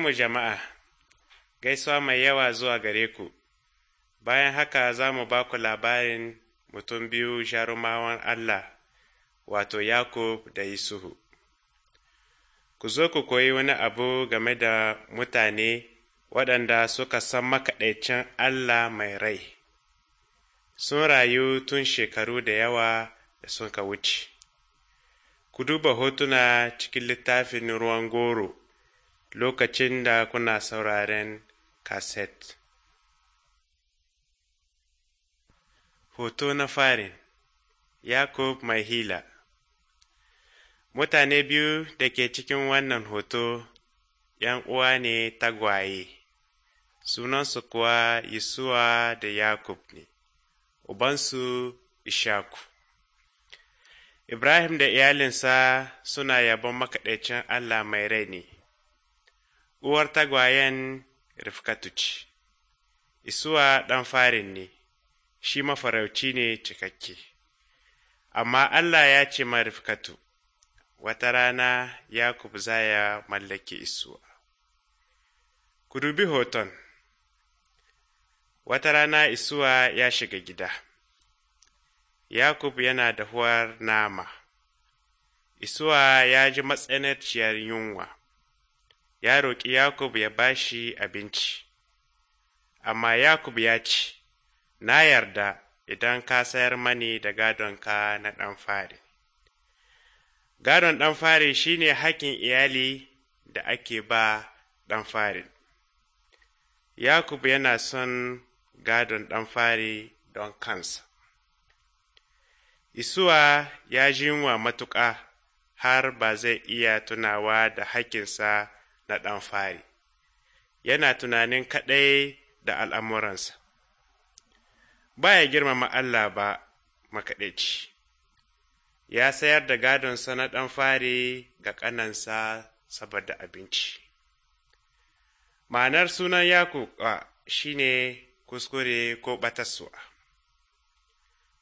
mu jama'a, gaisuwa mai yawa zuwa gare ku, bayan haka za mu ba ku labarin mutum biyu jarumawan Allah, wato Yakub da isuhu Ku zo ku koyi wani abu game da mutane waɗanda suka san makaɗaicin Allah mai rai, sun rayu tun shekaru da yawa da suka wuce. Ku duba hotuna cikin littafin ruwan goro. lokacin da kuna sauraren kaset. Hoto na farin Yakub mai hila Mutane biyu da ke cikin wannan hoto ‘yan uwa ne tagwaye, sunansu kuwa Yisuwa da Yakub ne, ubansu Ishaku. Ibrahim da iyalinsa suna yabon makaɗaicin Allah mai rai ne. uwar tagwayen Rifkatu ce, Isuwa ɗan farin ne, shi mafarauci ne cikakke. Amma Allah ya ce ma Rifkatu, wata rana Yakub za ya mallaki Isuwa. Ku dubi hoton, wata rana Isuwa ya shiga gida. Yakub yana dahuwar nama, Isuwa ya ji matsanarciyar yunwa. ya roƙi Yakub ya ba shi abinci, amma Yakub ya ce, Na yarda idan ka sayar mani da gadonka na ɗan fari. Gadon ɗan fari shi ne haƙƙin iyali da ake ba ɗan fari. Yakub yana son gadon ɗan fari don kansa. Isuwa ya jinwa matuƙa har ba zai iya tunawa da haƙƙinsa na ɗan fari, yana tunanin kaɗai da al'amuransa, ba ya girmama Allah ba makaɗaici, ya sayar da gadonsa na ɗan fari ga ƙanansa saboda abinci. Ma'anar sunan ya Yakuba shi ne kuskure ko ɓatarsuwa.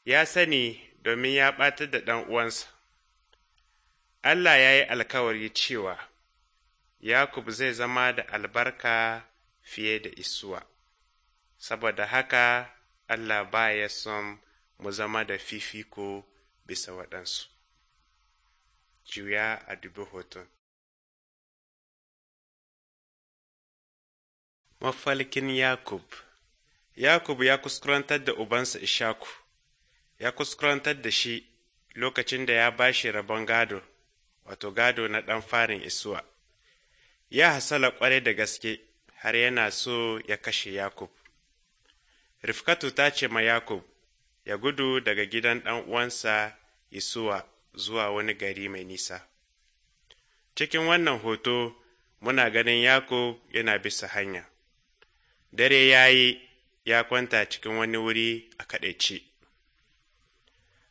Ya sani domin ya ɓatar da ɗan uwansa. Allah ya yi alkawari cewa Yakub zai zama da albarka fiye da Isuwa, saboda haka Allah ba ya son mu zama da fifiko bisa waɗansu. Juya a dubi hoton. Mafalkin Yakub Yakub ya kuskurantar da ubansa Ishaku, ya kuskurantar da shi lokacin da ya ba shi rabon gado, wato gado na ɗan farin Isuwa. ya hasala ƙwarai da gaske har yana so ya kashe Yakub. Rifkatu ta ce ma Yakub ya gudu daga gidan ɗan uwansa Isuwa zuwa wani gari mai nisa. Cikin wannan hoto muna ganin Yakub yana bisa hanya. Dare ya yi ya kwanta cikin wani wuri a kaɗaici.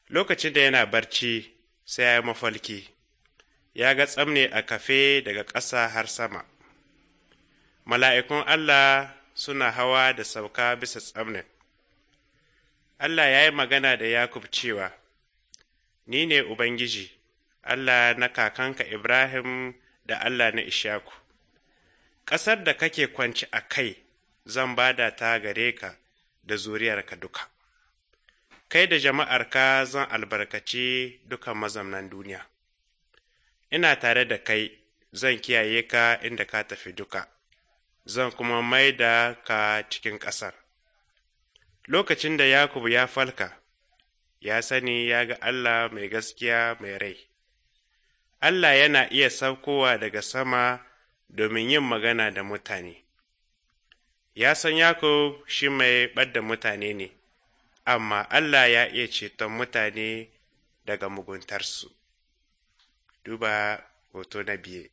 Lokacin da yana barci sai ya yi mafalki. ya ga tsamne a kafe daga ƙasa har sama. Mala'ikun Allah suna hawa da sauka bisa tsamnin. Allah ya yi magana da Yakub cewa, Ni ne Ubangiji, Allah na kakanka Ibrahim da Allah na Ishaku. Ƙasar da kake kwanci a kai zan bada ta gare ka da zuriyarka duka. Kai da jama'arka zan albarkaci dukan mazamnan duniya. ina tare da kai, zan kiyaye ka inda ka tafi duka, zan kuma mai da ka cikin ƙasar. Lokacin da Yakubu ya falka, ya sani ya ga Allah mai gaskiya mai rai. Allah yana iya saukowa daga sama domin yin magana da mutane. Ya san Yakub shi mai ɓadda mutane ne, amma Allah ya iya ceton mutane daga muguntarsu. duba hoto na biye.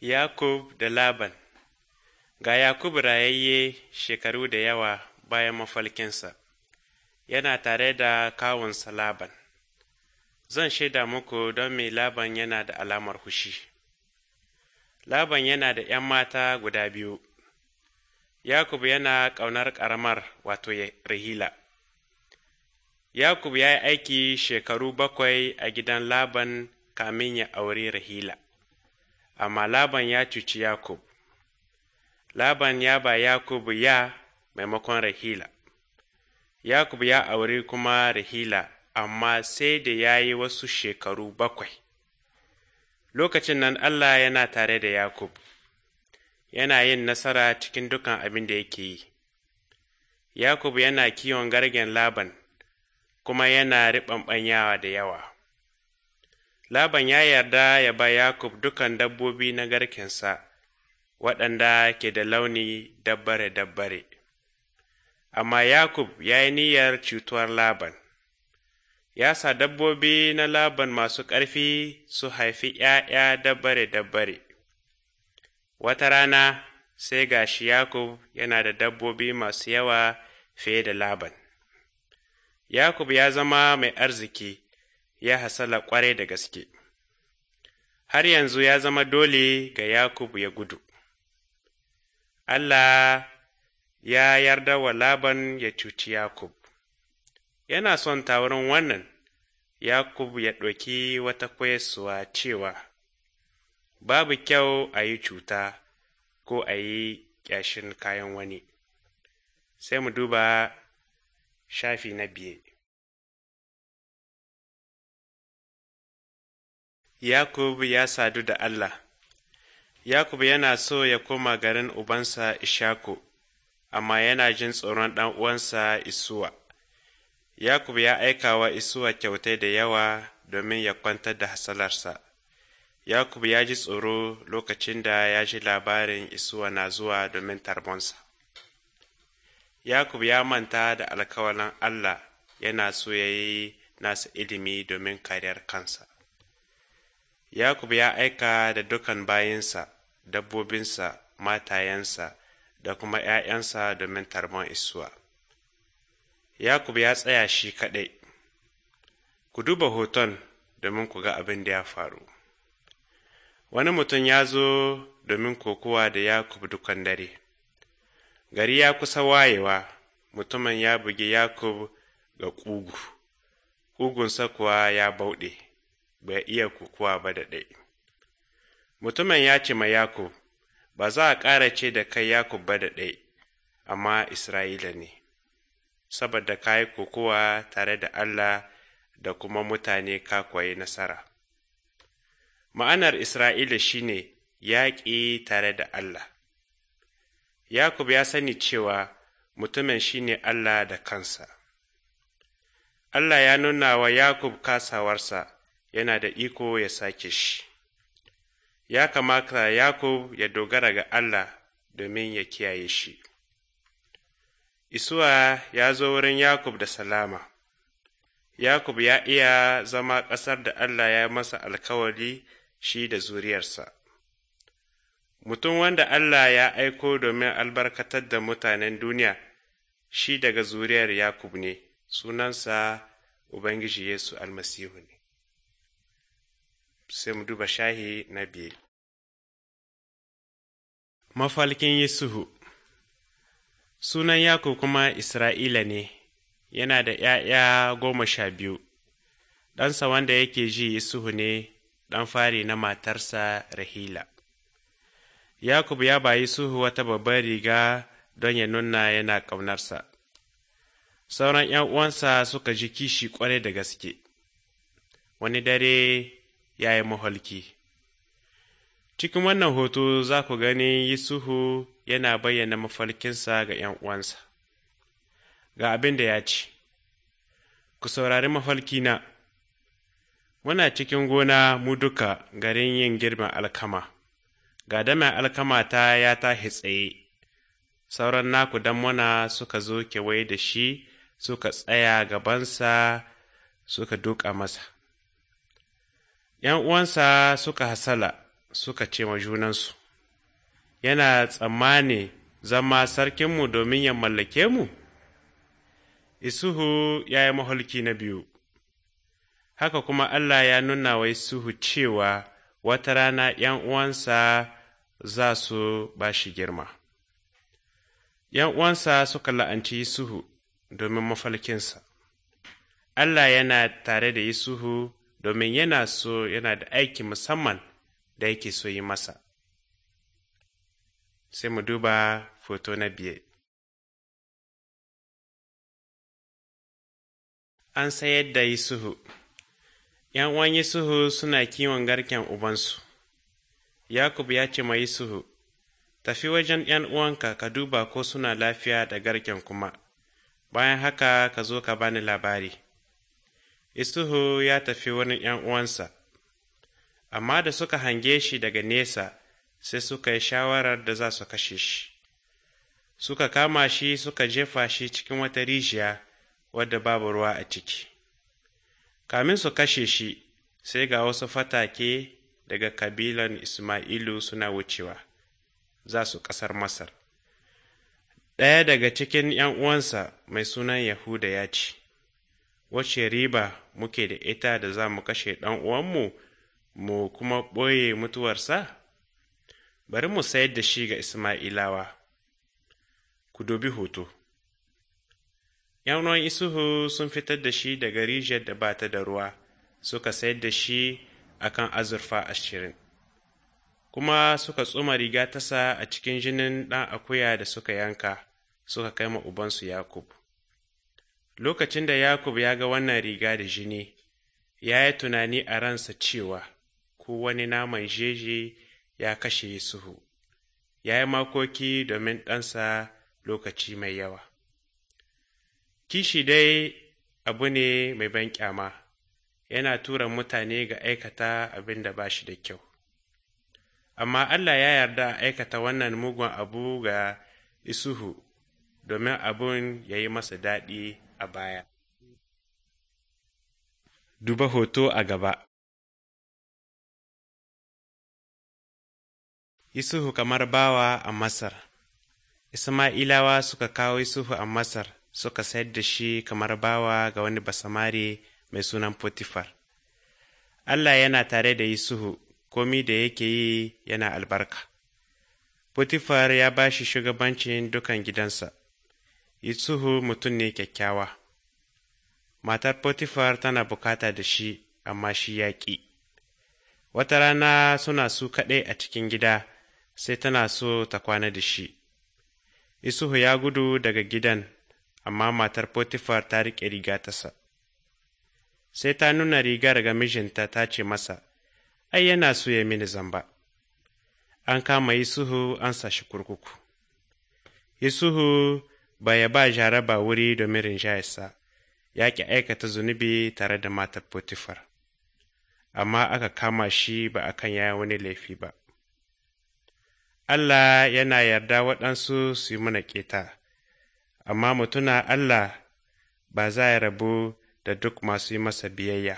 Yakub da Laban Ga Yakub rayayye shekaru da yawa bayan mafalkinsa, yana tare da kawunsa Laban. Zan shaida muku don mai Laban yana da alamar hushi. Laban yana da ’yan mata guda biyu, Yakub yana ƙaunar ƙaramar wato Rahila. Yakub ya yi aiki shekaru bakwai a gidan Laban kamin ya auri Rahila, amma Laban ya cuci Yakub. Laban ya ba Yakub ya maimakon Rahila. Yakub ya auri kuma Rahila, amma sai da ya yi wasu shekaru bakwai. Lokacin nan Allah yana tare da Yakub, yana yin nasara cikin dukan abin da yake yi. Yakub yana kiwon gargen Laban. kuma yana riɓanɓanyawa da yawa. Laban ya yarda ya ba Yakub dukan dabbobi na garkensa, waɗanda ke da launi dabbare-dabbare. Amma Yakub ya yi niyyar cutuwar Laban, ya sa dabbobi na Laban masu ƙarfi su haifi ‘ya'ya dabbare-dabbare. Wata rana sai gashi Yakub yana da dabbobi masu yawa fiye da Laban. Yakub ya zama mai arziki, ya hasala kwarai da gaske. Har yanzu ya zama dole ga Yakub ya gudu. Allah ya yarda wa Laban ya cuci Yakub. Yana son taurin wannan, Yakub ya ɗauki wata kwayasuwa cewa, Babu kyau a yi cuta ko a yi ƙyashin kayan wani. Sai mu duba shafi na biye yakub ya sadu da Allah yakub yana so ya koma garin ubansa Ishaku, amma yana jin tsoron ɗan uwansa Isuwa. yakub ya aika wa Isuwa kyautai da yawa domin ya kwantar da hasalarsa. yakub ya ji tsoro lokacin da ya ji labarin Isuwa na zuwa domin tarbonsa. yakub ya manta da alkawalan allah yana so ya yi nasa ilimi domin kariyar kansa yakub ya aika da dukan bayinsa dabbobinsa matayensa da kuma ‘ya'yansa domin tarbon isuwa. Yakub ya tsaya shi kaɗai, ku duba hoton domin ku ga abin da ya faru. Wani mutum ya zo domin kokowa da Yakub dukan dare, Gari ya kusa wayewa, mutumin ya bugi Yakub ga ƙugu, ƙugunsa kuwa ya bauɗe, bai iya kukuwa ba da ɗai. Mutumin ya ce ma Yakub, ba za a ƙara ce da kai Yakub ba da ɗai, amma Isra'ila ne, saboda ka yi kukuwa tare da Allah da kuma mutane ka kwayi nasara. Ma'anar Isra'ila shi ne yaƙi tare da Allah. Yakub ya sani cewa mutumin shi ne Allah da kansa. Allah ya nuna wa Yakub kasawarsa yana da iko ya sake shi. Ya kamata Yakub ya dogara ga Allah domin ya kiyaye shi. Isuwa ya zo wurin Yakub da salama. Yakub ya iya zama ƙasar da Allah ya masa alkawari shi da zuriyarsa. mutum wanda Allah ya aiko domin albarkatar da mutanen duniya, shi daga zuriyar Yakub ne, sunansa Ubangiji Yesu almasihu ne. Sai mu duba shahi na biye. Mafalkin Yesuhu Sunan Yakub kuma Isra'ila ne, yana da ’ya'ya goma sha biyu, ɗansa wanda yake ji Yesuhu ne, ɗan fari na matarsa Rahila. Yakub ya bayi Suhu wata babbar riga don ya nuna yana ƙaunarsa. Sauran ‘yan uwansa suka ji kishi ƙwarai da gaske, wani dare ya yi maholki. Cikin wannan hoto za ku gani Yusufu yana bayyana mafalkinsa ga ‘yan uwansa. Ga abin da ya ci Ku saurari mafalkina. muna cikin gona mu duka garin yin girma alkama. ga damen alkamata ya tahi tsaye, sauran naku muna suka zo kewaye da shi suka tsaya gabansa suka duka masa. ’Yan uwansa suka hasala suka ce ma junansu, Yana tsammani zama sarkinmu domin ya mallake mu? Isuhu ya yi mahulki na biyu, haka kuma Allah ya nuna wa Isuhu cewa wata rana ’yan uwansa za su ba shi girma. ’Yan uwansa suka la'anci Yisuhu domin mafalkinsa. Allah yana tare da yisuhu domin yana so yana da aiki musamman da yake so yi masa. Sai mu duba foto na biye. An sayar da Yisuhu. ’yan uwan Yusufu suna kiwon garken ubansu, Yakub ya ce ma Yusufu, Tafi wajen ’yan uwanka ka duba ko suna lafiya da garken kuma, bayan haka ka zo ka bani labari. Yusufu ya tafi wani ’yan uwansa, amma da suka hange shi daga nesa sai suka yi shawarar da za su kashe shi. Suka kama shi suka jefa shi cikin wata rijiya wadda babu ruwa a ciki. kamin su kashe shi sai ga wasu fatake daga kabilan Ismailu suna wucewa, za su ƙasar Masar. Ɗaya daga cikin ’yan uwansa mai sunan Yahuda ya ce, Wace riba muke da ita da za mu kashe ɗan uwanmu mu kuma ɓoye mutuwarsa? Bari mu sayar da shi ga Ismailawa. Ku dubi hoto. ruwan Isuhu sun fitar da shi daga rijiyar da ba ta da ruwa, suka sayar da shi a kan azurfa ashirin, kuma suka tsuma riga tasa a cikin jinin ɗan akuya da suka yanka, suka kai ma ubansu Yakub. Lokacin da Yakub ya ga wannan riga da jini, ya yi tunani a ransa cewa, ko wani naman jeji ya kashe Isuhu, ya yi makoki domin ɗansa lokaci mai yawa. Kishi dai abu ne mai ban kyama, yana tura mutane ga aikata abin da ba shi da kyau. Amma Allah ya yarda a aikata wannan mugun abu ga Isuhu domin abun ya yi masa daɗi a baya. Duba hoto a gaba Isuhu kamar bawa a Masar Isma'ilawa suka kawo Isuhu a Masar, suka sayar da shi kamar bawa ga wani basamari mai sunan Potifar. Allah yana tare da Yusufu, komi da yake yi yana albarka. Potifar ya ba shi shugabancin dukan gidansa. suhu, mutum ne kyakkyawa. Matar Potifar tana bukata da shi, amma shi ya ƙi. Wata rana suna su kaɗai a cikin gida, sai tana so ta kwana da shi. Isuhu ya gudu daga gidan amma matar Potifar ta riƙe riga tasa. Sai ta nuna rigar ga mijinta ta ce masa, Ai, yana so ya mini zamba. An kama Yusuhu an sashi kurkuku. Yusuhu ba ya ba jaraba wuri domin rinjayarsa, ya ƙi aikata zunubi tare da matar Potifar, amma aka kama shi ba a kan yaya wani laifi ba. Allah yana yarda waɗansu su yi mana ƙeta. amma mutuna Allah ba za ya rabu da duk masu yi masa biyayya,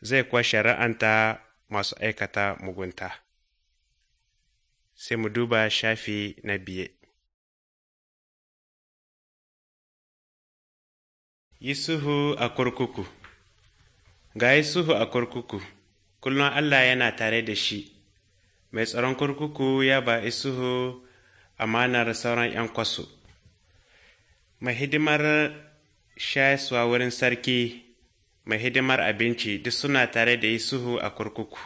zai kuwa shari'anta masu aikata mugunta. Sai mu duba shafi na biye. Yisuhu a kurkuku Ga Yisuhu a kurkuku, kullum Allah yana tare da shi, mai tsaron kurkuku ya ba a amanar sauran ‘yan kwaso. mai hidimar shayaswa wurin sarki mai hidimar abinci duk suna tare da Yusufu a kurkuku.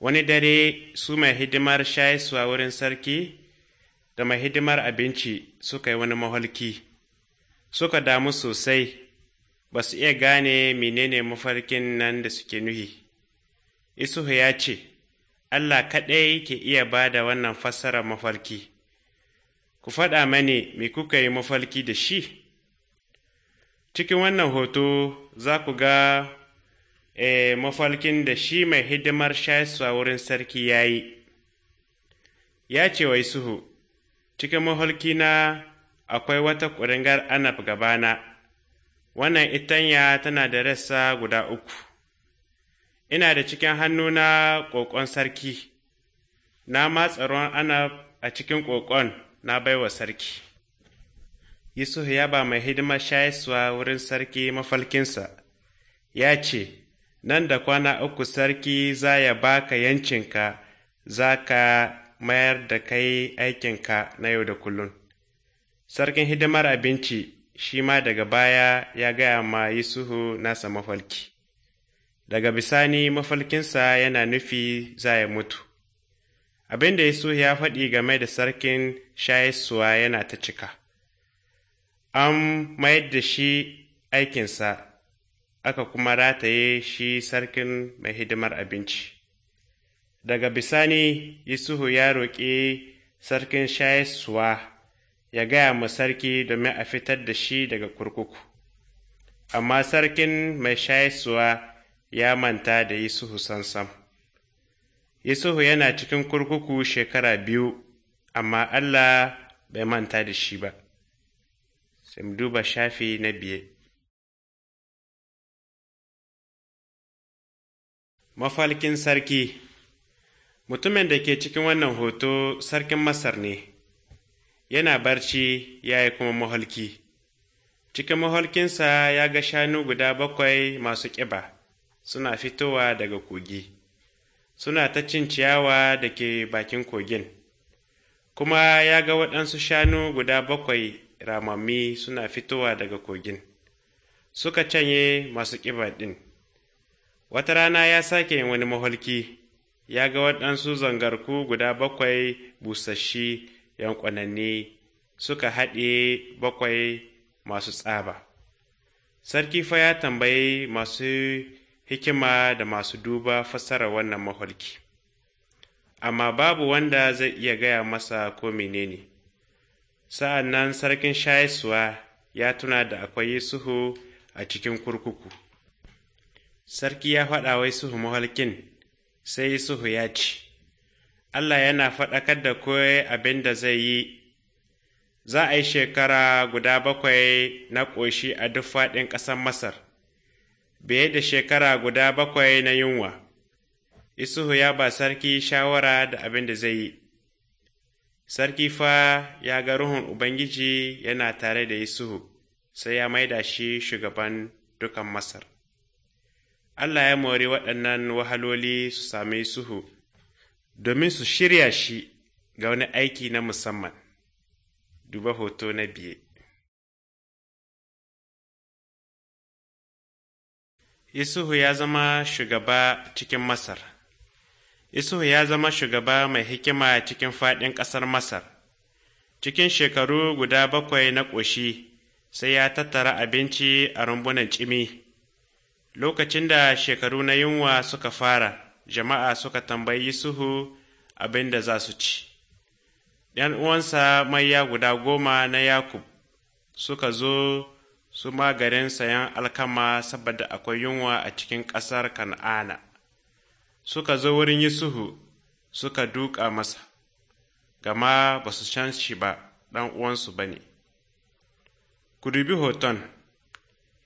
Wani dare su mai hidimar shayaswa wurin sarki da mai hidimar abinci suka yi wani maholki, suka damu sosai ba su iya gane menene mafarkin nan da suke nuhi. Isuhu ya ce, Allah kaɗai ke iya ba da wannan fassarar mafarki. ku faɗa mani me kuka yi mafalki da shi cikin wannan hoto za ku ga e, mafalkin da shi mai hidimar shaisuwa wurin sarki ya yi ya ce wai suhu cikin mafarkina akwai wata ƙuringar anaf gabana wannan itanya tana da rassa guda uku ina da cikin hannuna ƙoƙon sarki na matsa ruwan anaf a cikin ƙoƙon na baiwa sarki. Yusuf ya ba mai hidima shayiswa wurin sarki mafalkinsa, ya ce, Nan da kwana uku sarki za ya ba ka yancinka, za ka mayar da kai aikinka na yau da kullum. Sarkin hidimar abinci shi ma daga baya ya gaya ma Yusufu nasa mafalki. Daga bisani mafalkinsa yana nufi za ya mutu. abin da Yesu ya faɗi game da sarkin shayiswa yana ta cika. An mayar da shi aikinsa, aka kuma rataye shi sarkin mai hidimar abinci. Daga bisani, Yusufu ya roƙi sarkin shayiswa ya gaya ma sarki domin a fitar da shi daga kurkuku. Amma sarkin mai shayiswa ya manta da Yusufu sansam. Yusufu yana cikin kurkuku shekara biyu, amma Allah bai manta da shi ba. Sai mu duba shafi na biye. Mafalkin sarki Mutumin da ke cikin wannan hoto sarkin Masar ne, yana barci ya yi kuma mahalki Cikin mahalkinsa ya ga shanu guda bakwai masu ƙiba suna fitowa daga kogi. suna ta cin ciyawa da ke bakin kogin, kuma ya ga waɗansu shanu guda bakwai ramami suna fitowa daga kogin, suka canye masu ƙiba ɗin. Wata rana ya sake yin wani maholki, ya ga waɗansu zangarku guda bakwai busasshi yankwananne suka haɗe bakwai masu tsaba. Sarki fa ya tambayi masu hikima da masu duba fasara wannan maholki amma babu wanda zai iya gaya masa ko menene sa'an nan sarkin shayiswa ya tuna da akwai Yusuhu a cikin kurkuku sarki ya faɗa wa Yusuhu maholkin sai Yusuhu ya ci Allah yana faɗakar da koyi abin da zai yi za a yi shekara guda bakwai na ƙoshi a duk faɗin ƙasar Masar. biye da shekara guda bakwai na yunwa. Isuhu ya ba sarki shawara da abin da zai yi. Sarki fa ya ga Ruhun Ubangiji yana tare da Isuhu, sai ya maida shi shugaban dukan Masar. Allah ya mori waɗannan wahaloli su sami Isuhu, domin su shirya shi ga wani aiki na musamman. Duba hoto na biye. Isuhu ya zama shugaba cikin Masar. Isuhu ya zama shugaba mai hikima cikin faɗin ƙasar Masar. Cikin shekaru guda bakwai na ƙoshi, sai ya tattara abinci a rumbunan cimi. Lokacin da shekaru na yunwa suka fara, jama'a suka tambayi Isuhu abin da za su ci. ‘Yan uwansa maiya guda goma na Yakub suka zo su ma garin sayan alkama saboda akwai yunwa a cikin ƙasar Kan'ana. Suka zo wurin Yusufu suka duka masa, gama ba su can shi ba ɗan uwansu ba ne. Ku dubi hoton,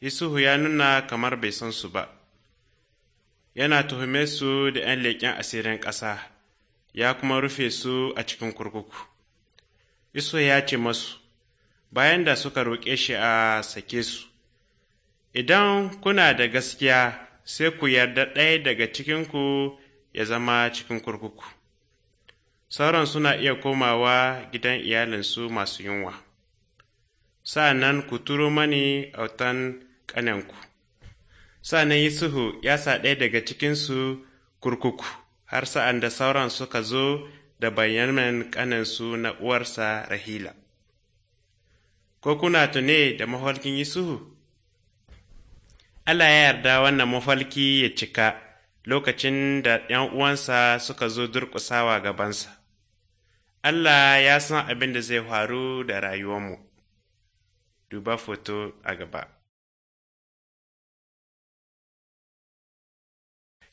Yusufu ya nuna kamar bai san su ba. Yana tuhume su da ‘yan leƙen asirin ƙasa, ya kuma rufe su a cikin kurkuku. Iso ya ce masu, bayan da suka roƙe shi a sake su. Idan kuna da gaskiya sai ku yarda ɗaya daga cikinku ya zama cikin kurkuku. Sauran suna iya komawa gidan iyalinsu masu yunwa. Sa'an ku turo mani autan ƙananku. Sa'an Yusufu ya sa ɗaya daga cikinsu kurkuku, har sa'an da sauran suka zo da bayanan ƙanansu na uwarsa Rahila. ko kuna tune da mafalkin Yusufu? Allah ya yarda wannan mafalki ya cika lokacin da ’yan uwansa suka zo durƙusawa gabansa. Allah ya san abin da zai faru da rayuwarmu. Duba foto a gaba.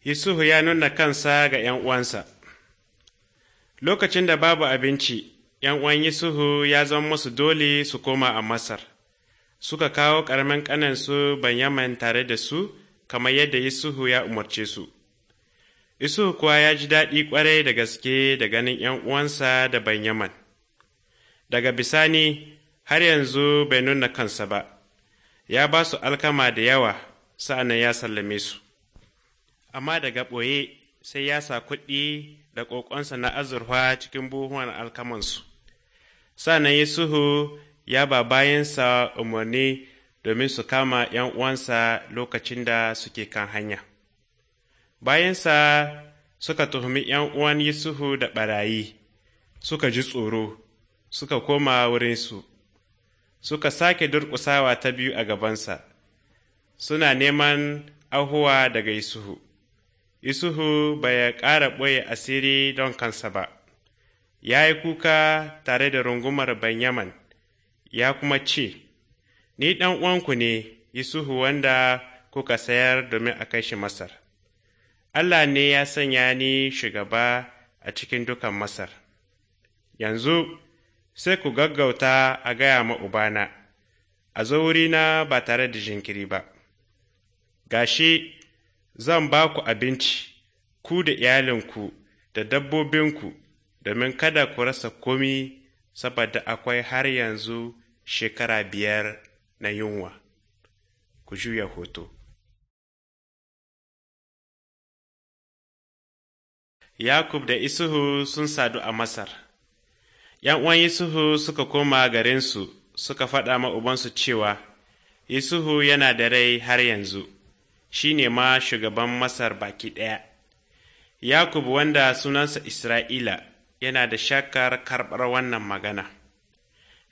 Yusufu ya nuna kansa ga ’yan uwansa. Lokacin da babu abinci, ’yan uwan Yusufu ya zama masu dole su koma a Masar, suka kawo ƙaramin ƙanansu Banyaman tare da su, kamar yadda Yusufu ya umarce su. Yusufu kuwa ya ji daɗi ƙwarai da gaske da ganin ’yan uwansa da Banyaman. Daga bisani, har yanzu bai nuna kansa ba, ya ba su alkama da yawa, sa'an ya sallame su. Amma daga ɓoye sai ya sa kuɗi da ƙoƙonsa na azurfa cikin buhuwan alkamansu. Sannan isuhu ya ba bayansa umarni domin su kama ’yan uwansa lokacin da suke kan hanya. Bayansa suka tuhumi ’yan uwan Yusuhu da ɓarayi, suka ji tsoro, suka koma wurinsu, suka sake durƙusawa ta biyu a gabansa, suna neman ahuwa daga isuhu. Isuhu bai ƙara ɓoye asiri don kansa ba. ya yi kuka tare da rungumar Banyaman, ya kuma ce, Ni ɗan uwanku ne, Yusuhu wanda kuka sayar domin a kai shi Masar. Allah ne ya sanya ni shugaba a cikin dukan Masar. Yanzu sai ku gaggauta a gaya ma Ubana, a zo wurina ba tare da jinkiri ba. Gashi zan ba ku abinci, ku da iyalinku da dabbobinku. domin kada ku rasa komi saboda akwai har yanzu shekara biyar na yunwa. Ku juya hoto. Yakub da Isuhu sun sadu a Masar. ‘Yan uwan Isuhu suka koma garinsu suka faɗa ma'ubansu cewa, Isuhu yana da rai har yanzu, shi ne ma shugaban Masar baki ɗaya. Yakub wanda sunansa Isra'ila yana da shakkar karɓar wannan magana.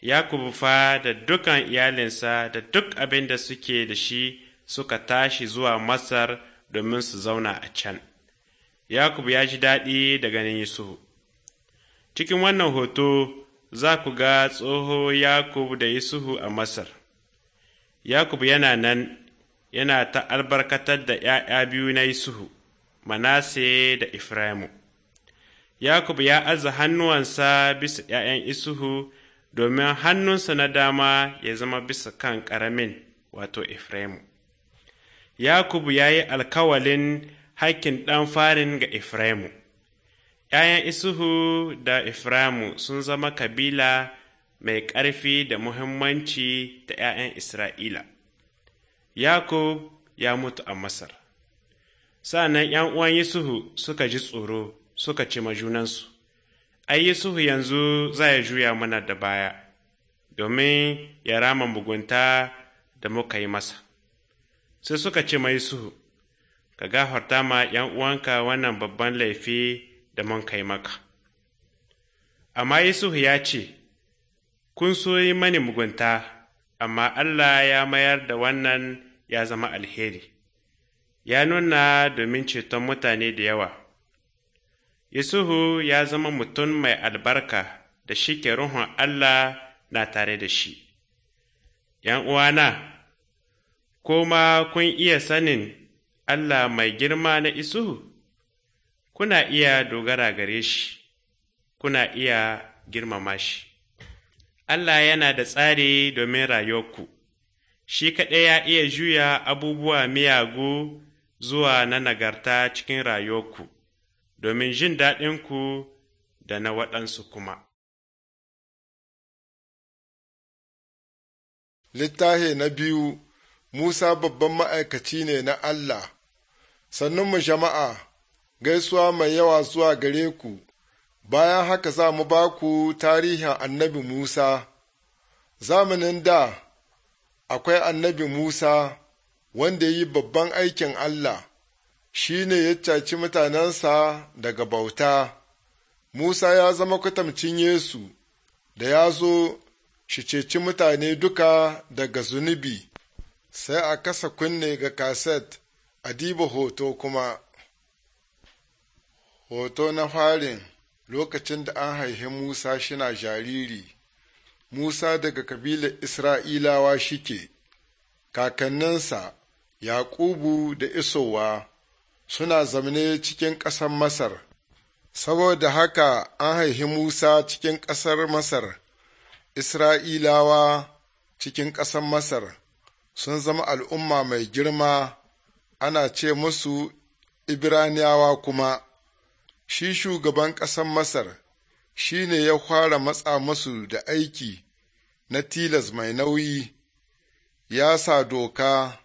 Yakubu fa da dukan iyalinsa da duk abin da suke da shi suka tashi zuwa Masar domin su zauna a can. Yakubu ya ji daɗi da ganin Yusufu. Cikin wannan hoto za ku ga tsoho Yakubu da Yusufu a Masar. Yakubu yana nan yana ta albarkatar da ‘ya'ya biyu na Yusufu, Manase da Ifraimu. Yakub ya aza hannuwansa bisa ’ya'yan Isuhu domin hannunsa na dama ya zama bisa kan ƙaramin, wato Efraimu. Yakub ya yi alkawalin hakkin ɗan farin ga Efraimu. ’Ya'yan Isuhu da Efraimu sun zama kabila mai ƙarfi da muhimmanci ta ’ya'yan Isra'ila. Yakub ya mutu a Masar. Sa'an nan ’yan uwan Yusuhu suka ji tsoro suka ce ma junansu, Ai, Yusufu yanzu za ya juya mana da baya, domin ya rama mugunta da muka yi masa. Sai suka ce ma Yusufu, Ka gafarta ma ’yan uwanka wannan babban laifi da mun kai maka. Amma Yusufu ya ce, Kun so yi mani mugunta, amma Allah ya mayar da wannan ya zama alheri, ya nuna domin ceton mutane da yawa. Yesuhu ya zama mutum mai albarka da shi ke Ruhun Allah na tare da shi. ’Yan uwana, ma kun iya sanin Allah mai girma na Isuhu, kuna iya dogara gare shi, kuna iya girmama shi. Allah yana da tsari domin rayuwarku, shi kaɗai ya iya juya abubuwa miyagu zuwa na nagarta cikin rayuwarku. domin jin daɗinku da na waɗansu kuma. Littahi na biyu Musa babban ma'aikaci ne na Allah, mu jama'a, gaisuwa mai yawa zuwa gare ku, bayan haka za mu ba ku tarihin annabi Musa, zamanin da akwai annabi Musa wanda yi babban aikin Allah. shi ne ya caci mutanensa daga bauta, Musa ya zama kwatamcin Yesu da ya zo shi ceci mutane duka daga zunubi, sai a kasa kunne ga kaset a diba hoto kuma. Hoto na farin lokacin da an haihi Musa shina jariri, Musa daga kabilar Isra'ilawa shike, kakanninsa Yaƙubu da Isowa. suna zamne cikin ƙasar Masar, saboda haka an haihi Musa cikin ƙasar Masar, Isra'ilawa cikin ƙasar Masar sun zama al'umma mai girma ana ce musu Ibraniyawa kuma, shi shugaban ƙasar Masar shi ne ya fara matsa musu da aiki na tilas mai nauyi, ya sa doka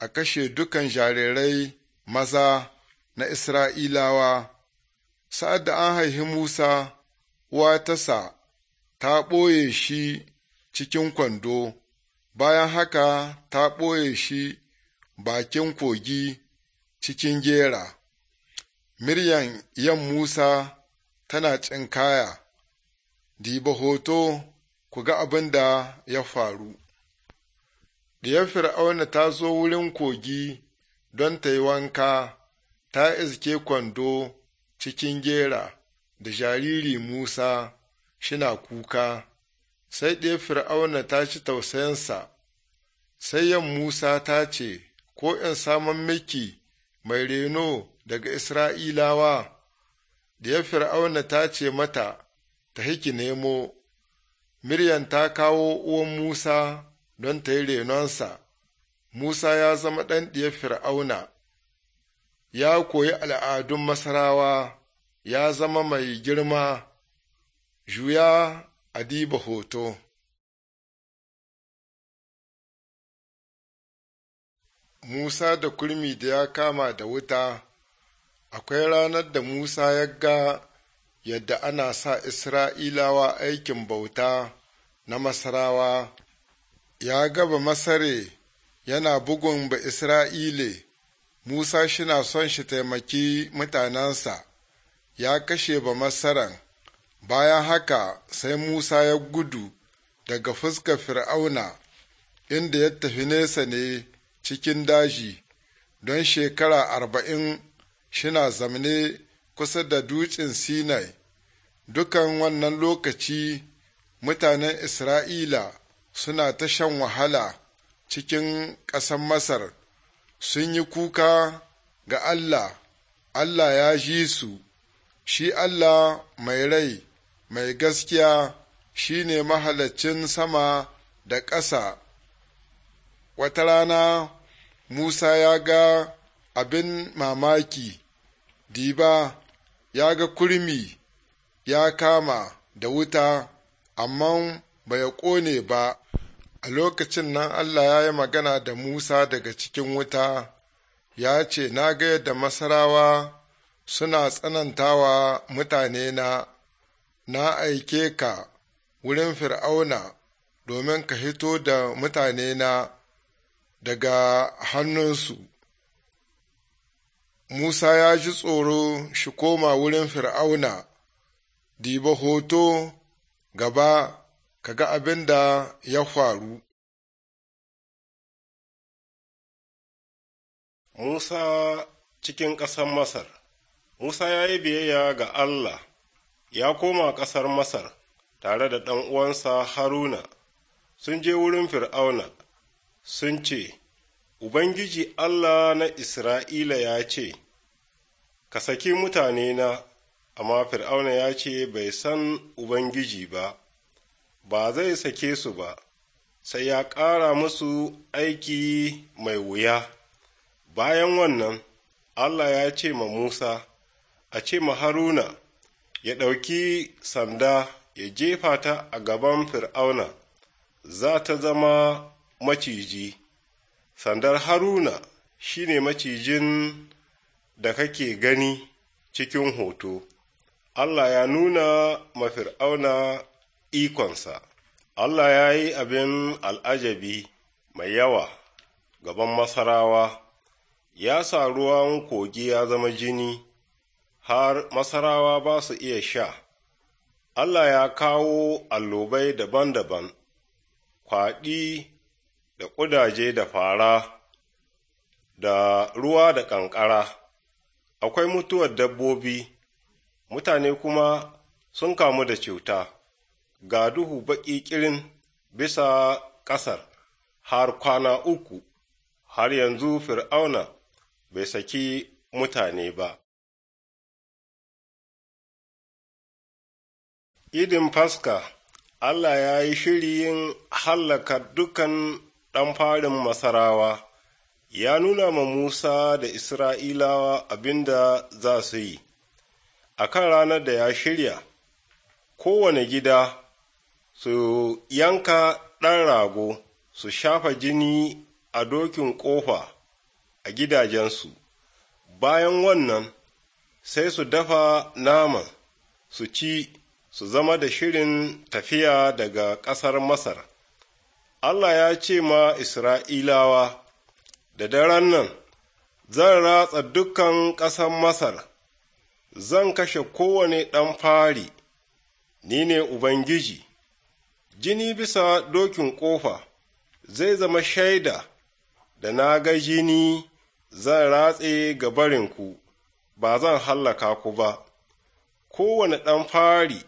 a kashe dukan jarirai. maza na Isra'ilawa, sa'ad da an haihi Musa, uwatasa ta ɓoye shi cikin kwando, bayan haka ta ɓoye shi bakin kogi cikin gera. Miryan yan Musa tana tsinkaya, diba hoto ku ga abin da ya faru. Da ya fir'auna ta zo wurin kogi don ta yi wanka ta iske kwando cikin gera da jariri Musa shina kuka, sai ɗaya fir'auna ta ci tausayinsa, sai yan Musa ta ce, Ko in saman miki mai reno daga Isra'ilawa, da ya fir'auna ta ce mata, ta hiki nemo, Miryan ta kawo uwan Musa don ta yi renonsa. Musa ya zama ɗan ɗiyar Fir'auna, ya koyi al'adun Masarawa, ya zama mai girma, juya a diba hoto. Musa da kurmi da ya kama da wuta, akwai ranar da Musa ya ga yadda ana sa Isra'ilawa aikin bauta na Masarawa, ya gaba Masare. yana bugun ba Isra'ile, Musa shi na son shi taimaki mutanensa, ya kashe ba masaran, bayan haka sai Musa ya gudu daga fuskar Fir'auna, inda ya tafi nesa ne cikin daji, don shekara arba'in shi na zamne kusa da dutsen Sinai, dukan wannan lokaci mutanen Isra'ila suna ta shan wahala. cikin ƙasan Masar sun yi kuka ga Allah, Allah ya ji su, shi Allah mai rai, mai gaskiya shi ne mahalaccin sama da ƙasa. Wata rana Musa ya ga abin mamaki, diba ya ga kurmi ya kama da wuta, amma bai ƙone ba. A lokacin nan Allah ya yi magana da Musa daga cikin wuta, ya ce, Na ga yadda Masarawa suna tsanantawa mutanena, na aike ka wurin Fir'auna domin ka hito da mutane na daga hannunsu. Musa ya ji tsoro shi koma wurin Fir'auna, diba hoto gaba ka ga abin da ya faru. Musa cikin ƙasar Masar Musa ya yi biyayya ga Allah, ya koma ƙasar Masar tare da ɗan uwansa Haruna, sun je wurin Fir'auna, sun ce, Ubangiji Allah na Isra'ila ya ce, Ka saki mutane na amma Fir'auna ya ce bai san Ubangiji ba. ba zai sake su ba sai ya ƙara musu aiki mai wuya bayan wannan allah ya ce ma musa a ce ma haruna ya ɗauki sanda ya jefa ta a gaban fir'auna za ta zama maciji sandar haruna shine macijin da kake gani cikin hoto allah ya nuna ma fir'auna ikonsa, Allah ya yi abin al'ajabi mai yawa gaban masarawa, ya sa ruwan kogi ya zama jini, har masarawa ba su iya sha. Allah ya kawo allobai daban-daban, kwaɗi da ƙudaje da fara, da ruwa da ƙanƙara, akwai mutuwar dabbobi, mutane kuma sun kamu da cuta. ga duhu baƙi ƙirin bisa ƙasar har kwana uku, har yanzu Fir'auna bai saki mutane ba. Idin Faska Allah ya yi shirin hallaka dukan ɗan farin masarawa, ya nuna ma Musa da Isra'ilawa abinda za su yi, a kan ranar da ya shirya, kowane gida su yanka ɗan rago su shafa jini a dokin ƙofa a gidajensu, bayan wannan sai su dafa naman su ci su zama da shirin tafiya daga ƙasar Masar. Allah ya ce ma Isra'ilawa, da daren nan zan ratsa dukkan ƙasar Masar, zan kashe kowane ɗan fari, ni ne Ubangiji. jini bisa dokin ƙofa zai zama shaida da na ga jini zan ratse ga barinku ba zan hallaka ku ba kowane ɗan fari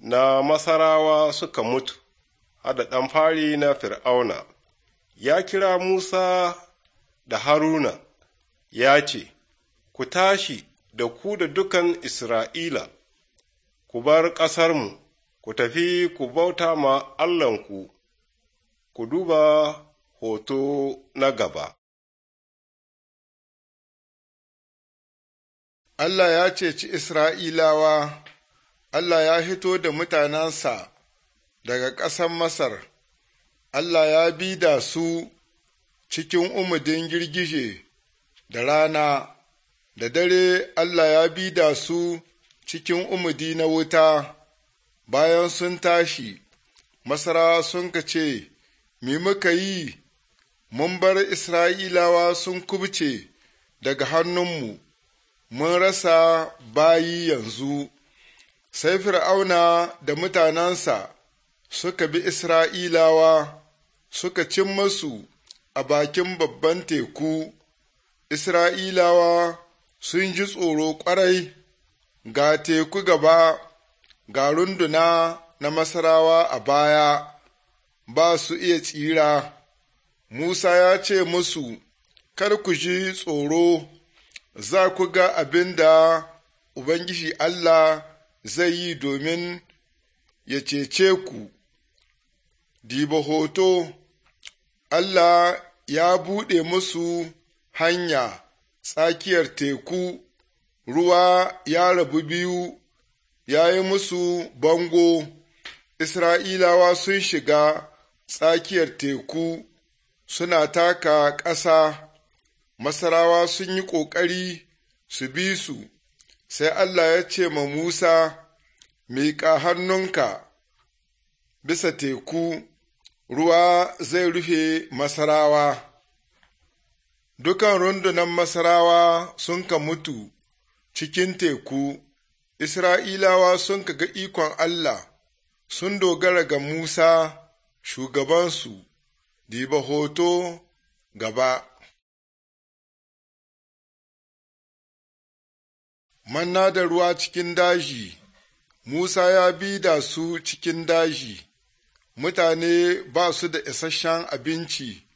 na masarawa suka mutu hada ɗan fari na fir'auna ya kira musa da haruna ya ce ku tashi da ku da dukan isra'ila ku bar ƙasarmu ku tafi ku bauta ma Allahnku, ku duba hoto na gaba. Allah ya ceci Isra'ilawa, Allah ya hito da mutanensa daga ƙasar Masar, Allah ya bi da su cikin umudin girgije da rana, da dare Allah ya bi da su cikin umudi na wuta. bayan sun tashi masarawa sun ka ce me muka yi mun bar isra'ilawa sun kubce daga hannunmu mun rasa bayi yanzu sai fir'auna da mutanensa suka bi isra'ilawa suka cin masu a bakin babban teku isra'ilawa sun ji tsoro ƙwarai ga teku gaba ga runduna na Masarawa a baya ba su iya tsira, Musa ya ce musu, Kar ku ji tsoro, za ku ga abin da Ubangiji Allah zai yi domin ya cece ku, diba hoto, Allah ya buɗe musu hanya tsakiyar teku, ruwa ya rabu biyu. ya yi musu bango, Isra'ilawa sun shiga tsakiyar teku suna taka ƙasa, Masarawa sun yi ƙoƙari su bi su, sai Allah ya ce ma Musa, Miƙa hannunka bisa teku, ruwa zai rufe Masarawa. Dukan rundunan Masarawa sun ka mutu cikin teku. Isra'ilawa sun kaga ikon Allah sun dogara ga Musa shugabansu, diba hoto gaba. Manna da ruwa cikin daji, Musa ya bi da su cikin daji, mutane ba su da isasshen abinci,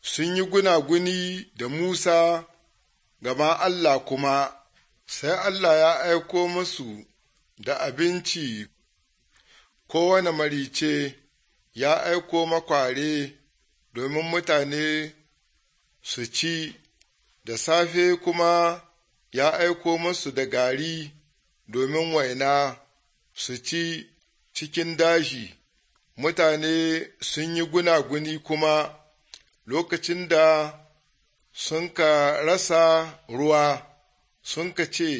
sun yi gunaguni da Musa, gama Allah kuma sai Allah ya aiko musu da abinci kowane marice ya aiko makware domin mutane su ci da safe kuma ya aiko musu da gari domin waina su ci cikin daji mutane sun yi gunaguni kuma lokacin da sun ka rasa ruwa sun ka ce,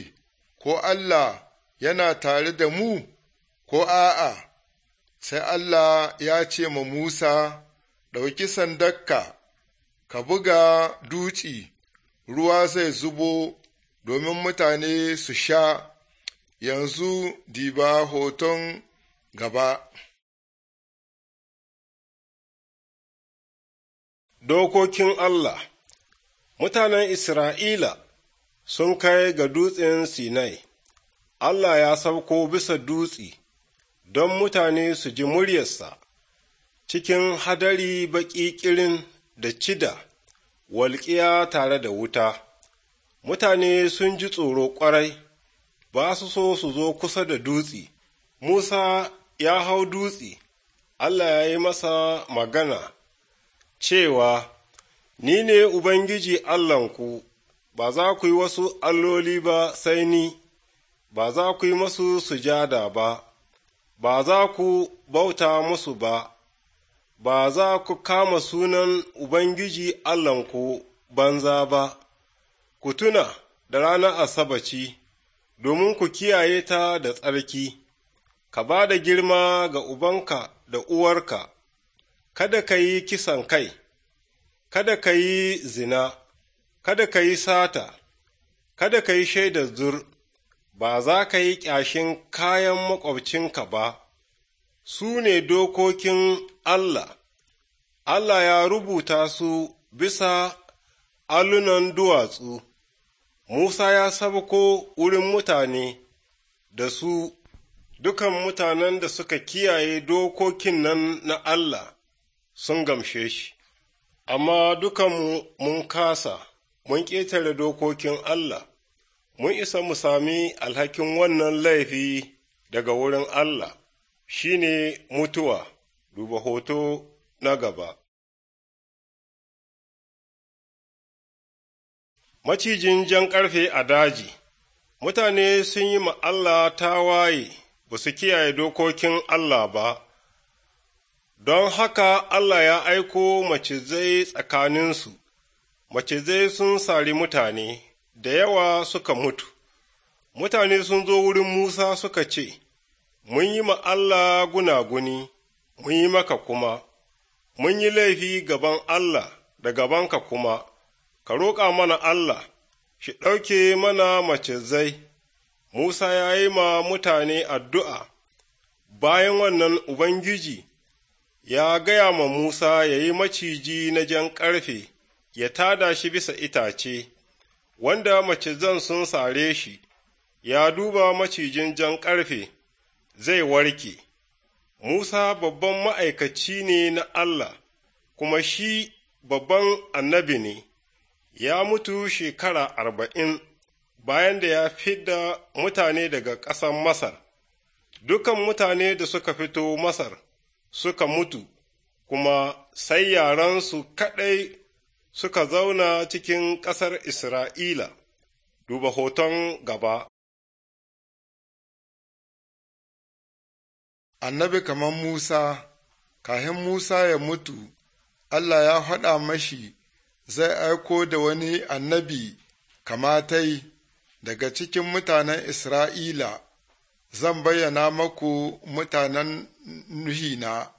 Ko Allah yana tare da mu, ko a'a, sai Allah ya ce ma Musa, ɗauki sandakka, ka buga duci, ruwa zai zubo domin mutane su sha, yanzu diba hoton gaba. Dokokin Allah Mutanen Isra'ila sun kai ga dutsen Sinai, Allah ya sauko bisa dutse don mutane su ji muryarsa cikin hadari baƙiƙirin da cida, walƙiya tare da wuta. Mutane sun ji tsoro ƙwarai, ba su so su zo kusa da dutse. Musa ya hau dutse, Allah ya yi masa magana, cewa, Ni ne Ubangiji Allahnku. ba za ku yi wasu alloli ba sai ni, ba za ku yi masu sujada ba, ba za ku bauta musu ba, ba za ku kama sunan Ubangiji Allahnku banza ba, ku tuna da ranar Asabaci, domin ku kiyaye ta da tsarki, ka ba da girma ga Ubanka da uwarka, kada ka yi kisan kai, kada ka yi zina. Kada ka yi sata, kada ka yi shaidar zur, ba za ka yi ƙyashin kayan maƙwabcinka ba, su ne dokokin Allah, Allah ya rubuta su bisa alunan duwatsu, Musa ya sabko wurin mutane da su dukan mutanen da suka kiyaye dokokin nan na Allah sun gamshe shi, amma dukanmu mun kasa. mun ƙetare dokokin Allah, mun isa mu sami alhakin wannan laifi daga wurin Allah, shi ne mutuwa, duba hoto na gaba. Macijin jan ƙarfe a daji Mutane sun yi ma Allah tawaye, ba su kiyaye dokokin Allah ba. don haka Allah ya aiko macizai tsakaninsu, macizai sun sari mutane, da yawa suka mutu. Mutane sun zo wurin Musa suka ce, Mun yi ma Allah gunaguni, mun yi maka kuma, mun yi laifi gaban Allah da gabanka kuma, ka roƙa mana Allah, shi ɗauke mana macizai. Musa ya yi ma mutane addu'a, bayan wannan Ubangiji ya gaya ma Musa ya yi maciji na jan ƙarfe. ya tada shi bisa itace, wanda macizan sun sare shi, ya duba macijin jan ƙarfe, zai warke. Musa babban ma'aikaci ne na Allah, kuma shi babban annabi ne, ya mutu shekara arba'in bayan da ya fidda mutane daga ƙasan Masar. Dukan mutane da suka fito Masar suka mutu, kuma sai yaransu kaɗai suka zauna cikin ƙasar Isra'ila, duba hoton gaba. Annabi kamar Musa, kahin Musa ya mutu, Allah ya faɗa mashi zai aiko da wani annabi kamatai daga cikin mutanen Isra'ila, zan bayyana maku mutanen nuhina,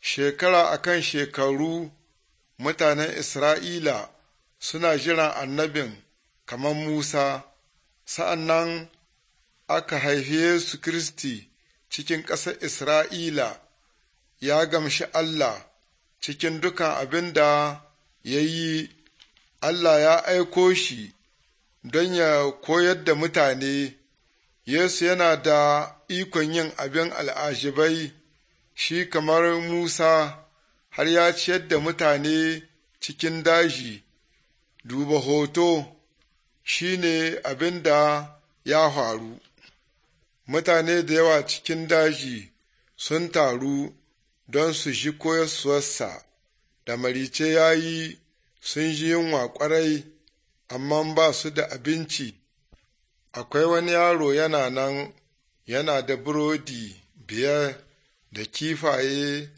shekara akan shekaru. mutanen Isra'ila suna jiran annabin kamar Musa, sa'an nan aka haifi Yesu Kiristi cikin ƙasar Isra'ila ya gamshi Allah cikin dukan abin da ya yi, Allah ya aiko shi don ya koyar da mutane, Yesu yana da ikon yin abin al'ajibai, shi kamar Musa har ya ciyar da mutane cikin daji duba hoto shi ne abin da ya faru mutane da yawa cikin daji sun taru don su shi koyarsuwarsa da marice ya yi sun ji yunwa ƙwarai amma ba su da abinci akwai wani yaro yana nan yana da burodi biyar da kifaye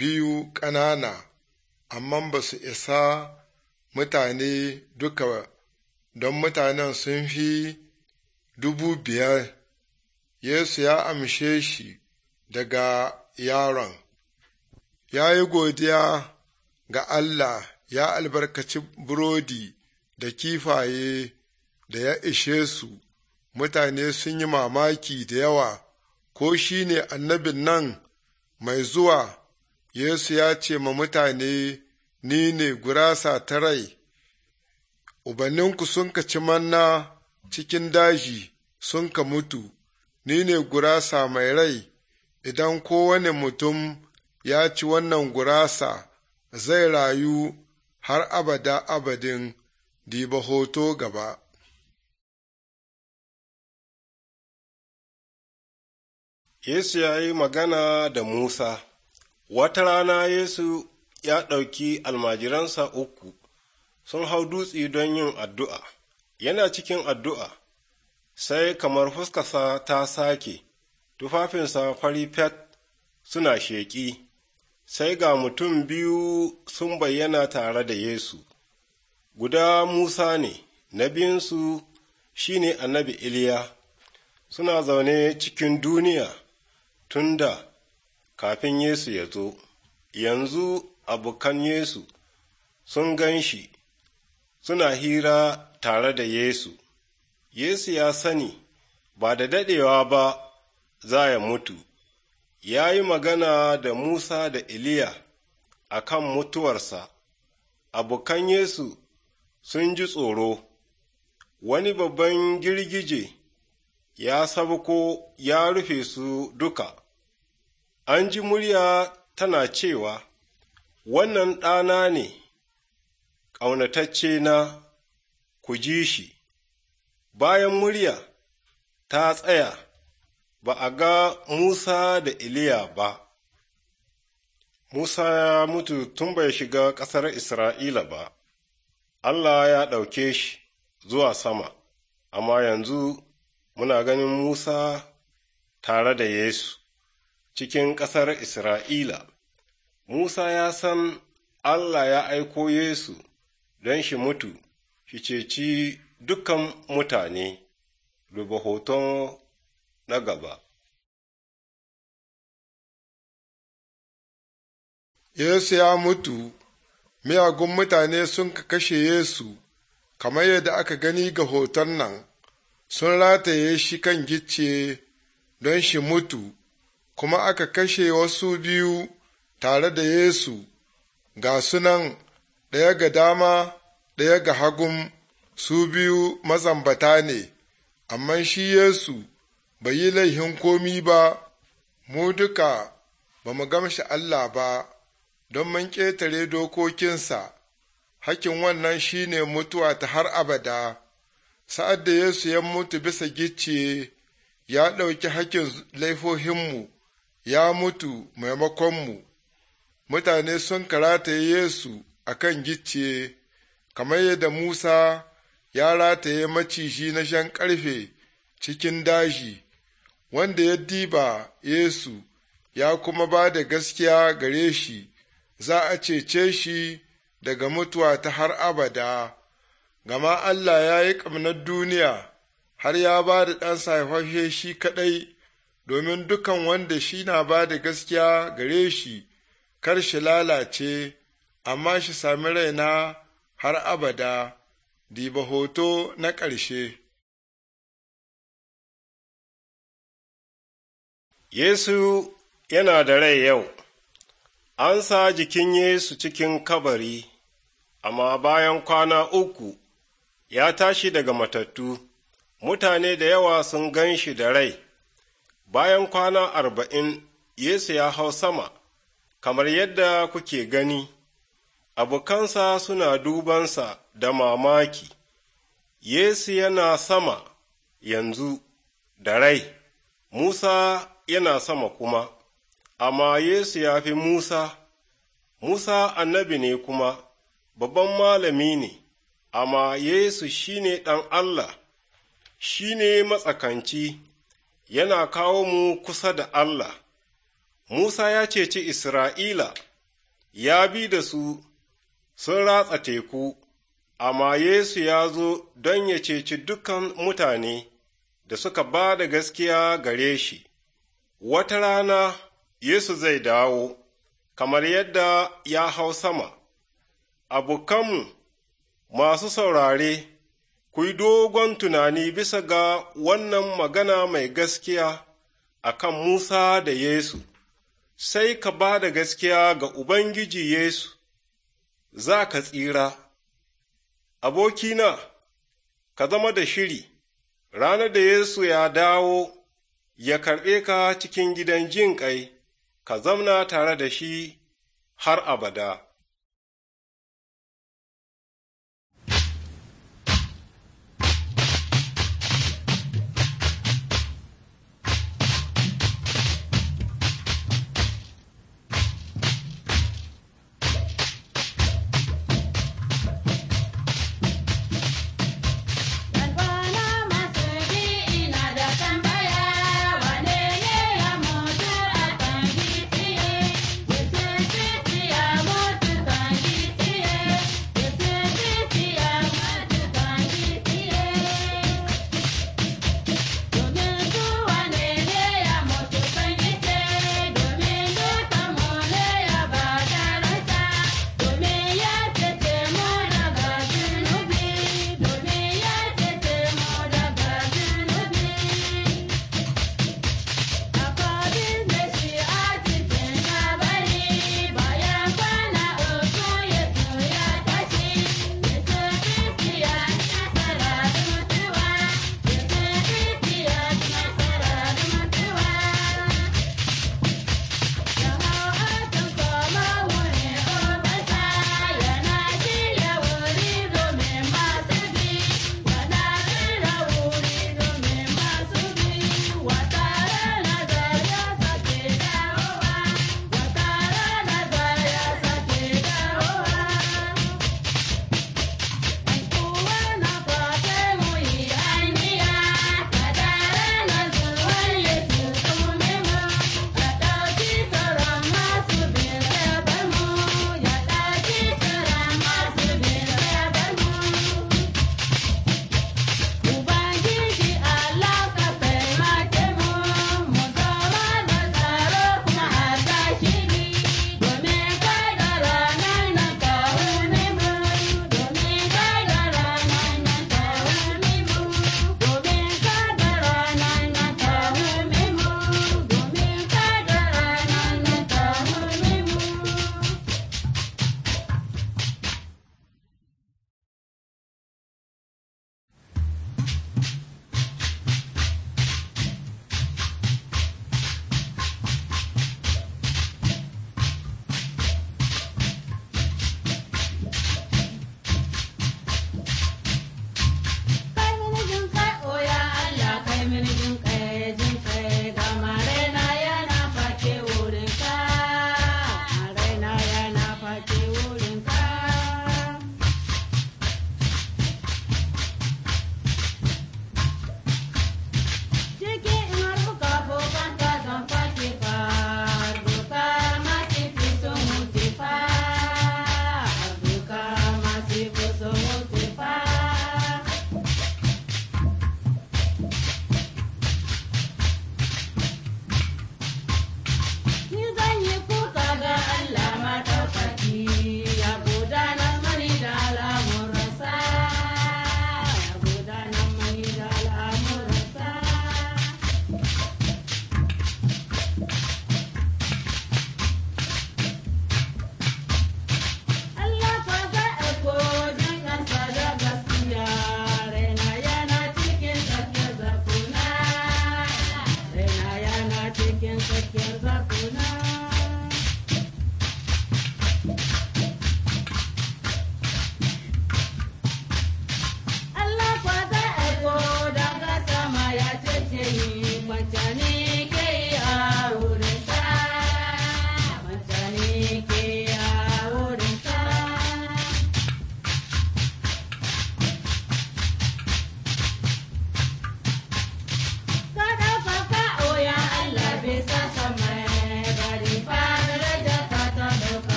biyu ƙanana amma ba su isa mutane duka don mutanen sun fi dubu biyar Yesu ya amshe shi daga yaron ya yi godiya ga Allah ya albarkaci burodi da kifaye da ya ishe su mutane sun yi mamaki da yawa ko shi ne annabin nan mai zuwa Yesu ya ce ma mutane, Ni ne gurasa ta rai, Ubanninku sun ka ci manna cikin daji sun ka mutu, ni ne gurasa mai rai, idan kowane mutum ya ci wannan gurasa zai rayu har abada abadin diba hoto gaba. Yesu ya yi magana da Musa Wata rana Yesu ya ɗauki almajiransa uku sun hau dutse don yin addu'a, yana cikin addu'a, sai kamar fuskarsa ta sake, tufafinsa fari fet suna sheƙi, sai ga mutum biyu sun bayyana tare da Yesu, guda Musa ne, na biyunsu shi ne annabi Iliya, suna zaune cikin duniya tunda kafin Yesu ya zo, yanzu abokan Yesu sun gan shi, suna hira tare da Yesu. Yesu ya sani, ba da daɗewa ba za ya mutu, ya yi magana da Musa da Iliya a kan mutuwarsa, abokan Yesu sun ji tsoro, wani babban girgije ya sabko ya rufe su duka. an ji murya tana cewa, Wannan ɗana ne, ƙaunatacce na ku ji shi, bayan murya ta tsaya, ba a ga Musa da Iliya ba. Musa ya mutu tun bai shiga ƙasar Isra'ila ba, Allah ya ɗauke shi zuwa sama, amma yanzu muna ganin Musa tare da Yesu. cikin ƙasar Isra'ila. Musa ya san Allah ya aiko Yesu don shi mutu, shi ceci dukan mutane, duba hoton na gaba. Yesu ya mutu, miyagun mutane sun ka kashe Yesu, kamar yadda aka gani ga hoton nan, sun rataye shi kan gicce don shi mutu. kuma aka kashe wasu biyu tare da Yesu, ga sunan ɗaya ga dama, ɗaya ga hagun, su biyu mazambata ne, amma shi Yesu bai yi laihin komi ba, mu duka ba mu gamshi Allah ba, don mun ƙetare dokokinsa, hakin wannan shi ne mutuwa ta har abada, sa'ad da Yesu ya mutu bisa gicciye, ya ɗauki hakin laifohinmu. ya mutu maimakonmu, mutane sun karataye Yesu a kan gicciye, kamar yadda Musa ya rataye macishi na shan ƙarfe cikin daji, wanda ya diba Yesu ya kuma ba da gaskiya gare shi, za a cece shi daga mutuwa ta har abada, gama Allah ya yi ƙamnar duniya har ya ba da ɗansa haifashe shi kaɗai. domin dukan wanda shi na ba da gaskiya gare shi, kar shi lalace, amma shi sami raina har abada, diba hoto na ƙarshe. Yesu yana da rai yau, an sa jikin Yesu cikin kabari, amma bayan kwana uku ya tashi daga matattu, mutane da yawa sun gan shi da rai. Bayan kwana arba'in, Yesu ya hau sama, kamar yadda kuke gani, abokansa suna dubansa da mamaki, Yesu yana sama yanzu da rai, Musa yana sama kuma, amma Yesu ya fi Musa, Musa annabi ne kuma, babban malami ne, amma Yesu shi ne ɗan Allah, shi ne matsakanci. yana kawo mu kusa da Allah. Musa ya ceci Isra'ila, ya bi da su sun ratsa teku, amma Yesu ya zo don ya ceci dukan mutane da suka ba da gaskiya gare shi. Wata rana Yesu zai dawo, kamar yadda ya hau sama. Abokanmu masu saurare, ku yi dogon tunani bisa ga wannan magana mai gaskiya a kan Musa da Yesu, sai ka ba da gaskiya ga Ubangiji Yesu, za ka tsira. Abokina, ka zama da shiri, ranar da Yesu ya dawo, ya karɓe ka cikin gidan jin ƙai, ka zamna tare da shi har abada.